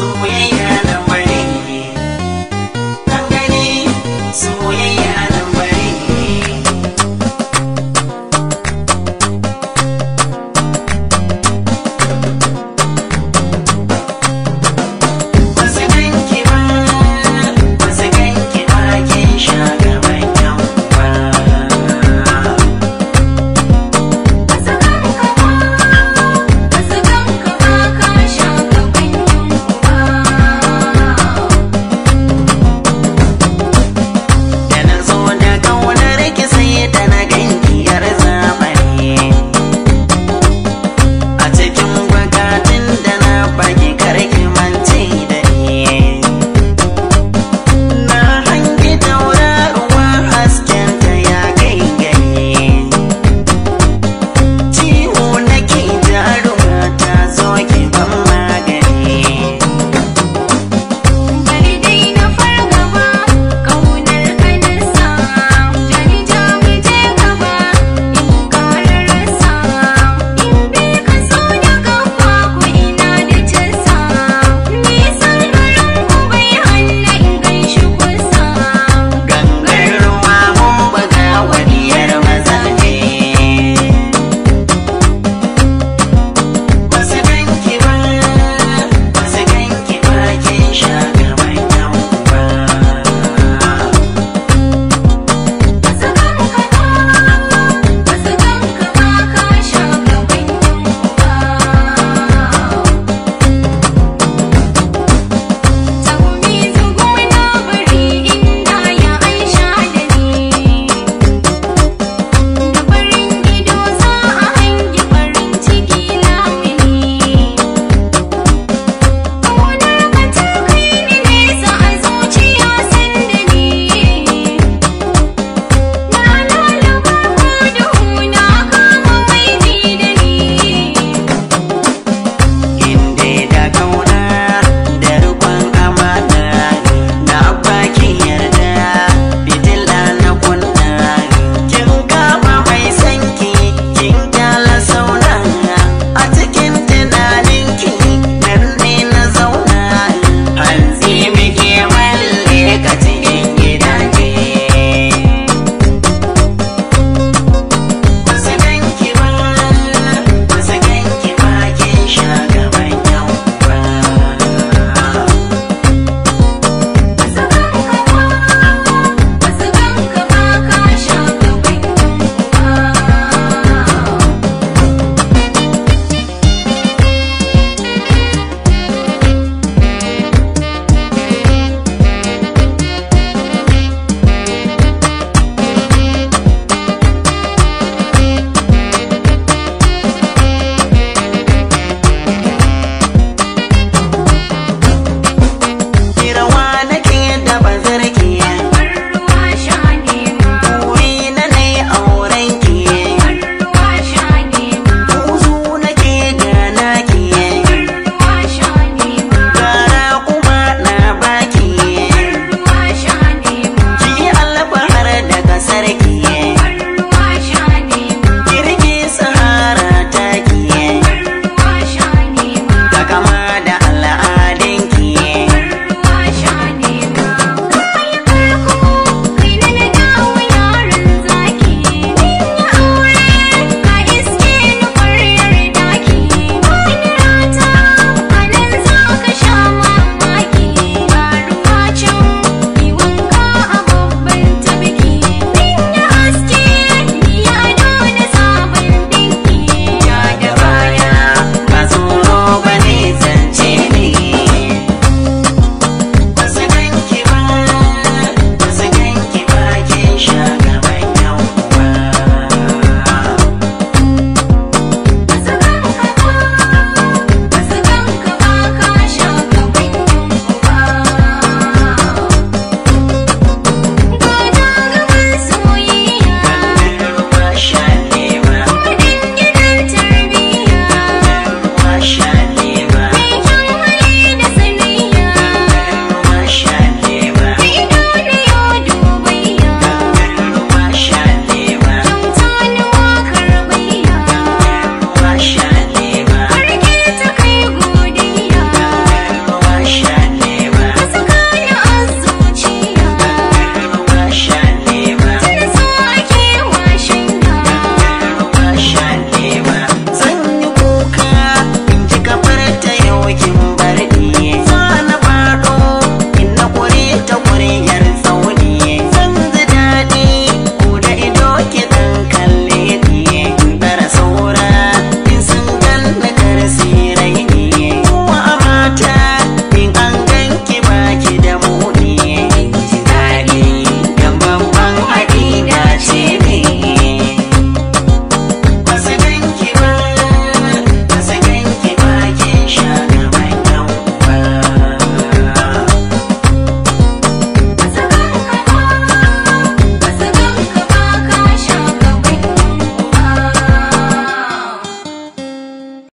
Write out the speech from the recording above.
away.